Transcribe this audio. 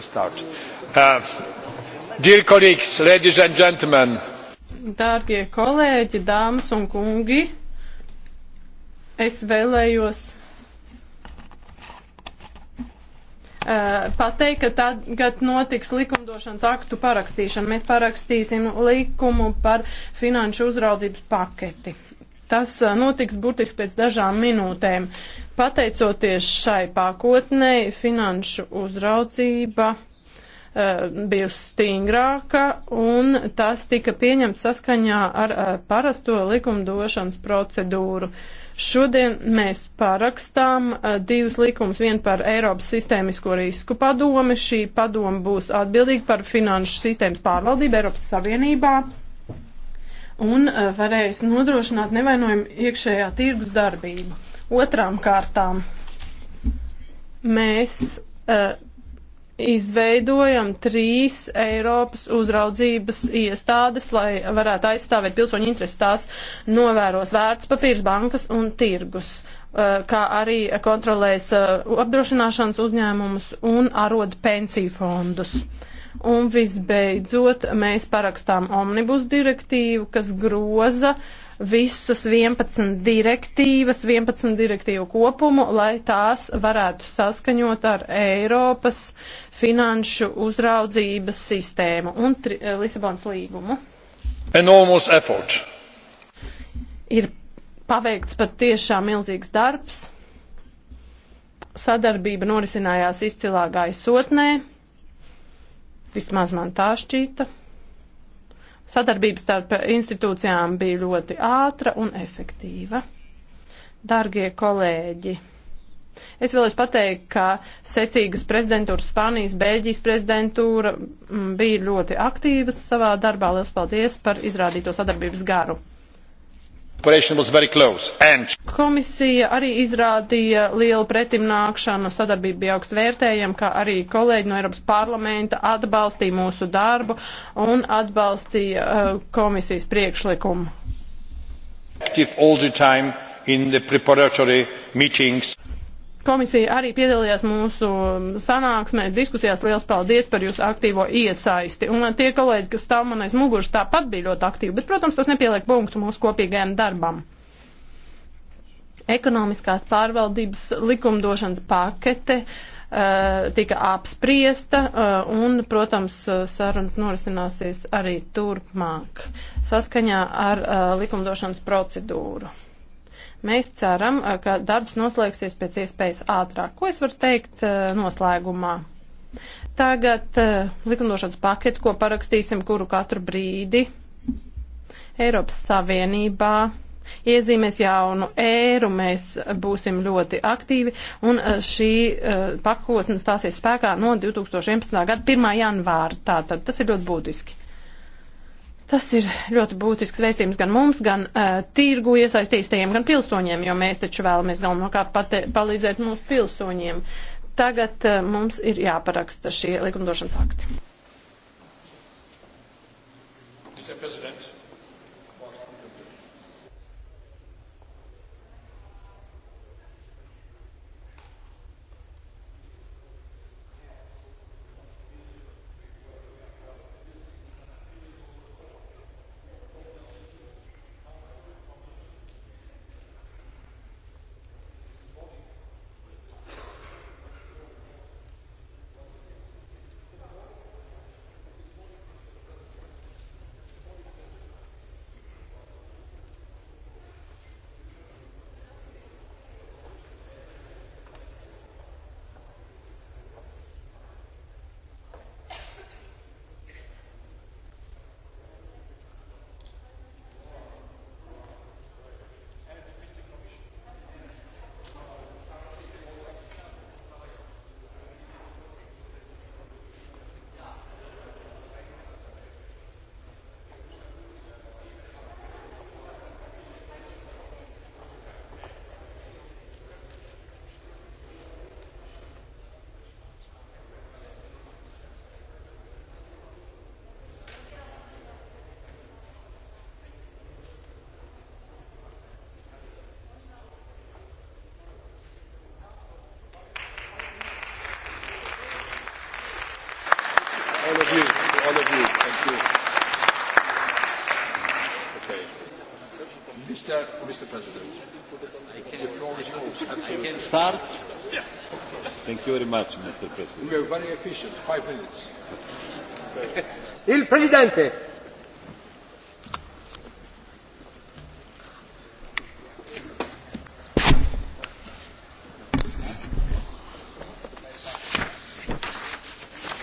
to start. Uh, dear colleagues, ladies and gentlemen. Dārgie kolēģi, dāmas un kungi, es vēlējos uh, pateikt, ka tagad notiks likumdošanas aktu parakstīšana. Mēs parakstīsim likumu par finanšu uzraudzības paketi. Tas uh, notiks burtiski pēc dažām minūtēm. Pateicoties šai pakotnei, finanšu uzraudzība eh, bija stingrāka un tas tika pieņemts saskaņā ar eh, parasto likumdošanas procedūru. Šodien mēs parakstām eh, divus likumus, vienu par Eiropas sistēmisko risku padomi. Šī padoma būs atbildīga par finanšu sistēmas pārvaldību Eiropas Savienībā un varēs nodrošināt nevainojumu iekšējā tirgus darbību. Otrām kārtām mēs uh, izveidojam trīs Eiropas uzraudzības iestādes, lai varētu aizstāvēt pilsoņu intereses. Tās novēros vērtspapīrs, bankas un tirgus, eh, kā arī kontrolēs eh, apdrošināšanas uzņēmumus un arodu pensiju fondus. Un visbeidzot, mēs parakstām omnibus direktīvu, kas groza uh, visus 11 direktīvas, 11 direktīvu kopumu, lai tās varētu saskaņot ar Eiropas finanšu uzraudzības sistēmu un tri, eh, Lisabons līgumu. Enormous effort. Ir paveikts pat tiešām milzīgs darbs. Sadarbība norisinājās izcilā gaisotnē. Vismaz man tā šķīta. Sadarbības starp institūcijām bija ļoti ātra un efektīva. Dargie kolēģi, es vēlos pateikt, ka secīgas prezidentūras Spānijas, Bēļģijas prezidentūra mm, bija ļoti aktīvas savā darbā. Lielas paldies par izrādīto sadarbības garu! Komisija arī izrādīja lielu pretimnākšanu, sadarbība bija augst vērtējama, kā arī kolēģi no Eiropas parlamenta atbalstīja mūsu darbu un atbalstīja uh, komisijas priekšlikumu. Komisija arī piedalījās mūsu um, sanāksmēs, diskusijās. Liels paldies par jūsu aktīvo iesaisti. Un tie kolēģi, kas stāv man aiz muguras, tāpat bija ļoti aktīvi. Bet, protams, tas nepieliek punktu mūsu kopīgajam darbam. Ekonomiskās pārvaldības likumdošanas pakete uh, tika apspriesta, uh, un, protams, uh, sarunas norisināsies arī turpmāk saskaņā ar uh, likumdošanas procedūru. Mēs ceram, eh, ka darbs noslēgsies pēc iespējas ātrāk. Ko es varu teikt eh, noslēgumā? Tagad eh, likumdošanas paketu, ko parakstīsim kuru katru brīdi Eiropas Savienībā iezīmēs jaunu ēru, mēs būsim ļoti aktīvi, un šī uh, pakotne stāsies spēkā no 2011. gada 1. janvāra. Tātad tas ir ļoti būtiski. Tas ir ļoti būtisks vēstījums gan mums, gan uh, tirgu iesaistītajiem, gan pilsoņiem, jo mēs taču vēlamies galvenokārt palīdzēt mūsu pilsoņiem. Tagad uh, mums ir jāparaksta šie likumdošanas akti. Mr. President, all of you. To all of you. Thank you. Okay. Mr. Mr. President, I can, the floor is yours. Absolutely. I can start. Yeah. Thank you very much, Mr. President. You are very efficient. Five minutes. Il Presidente.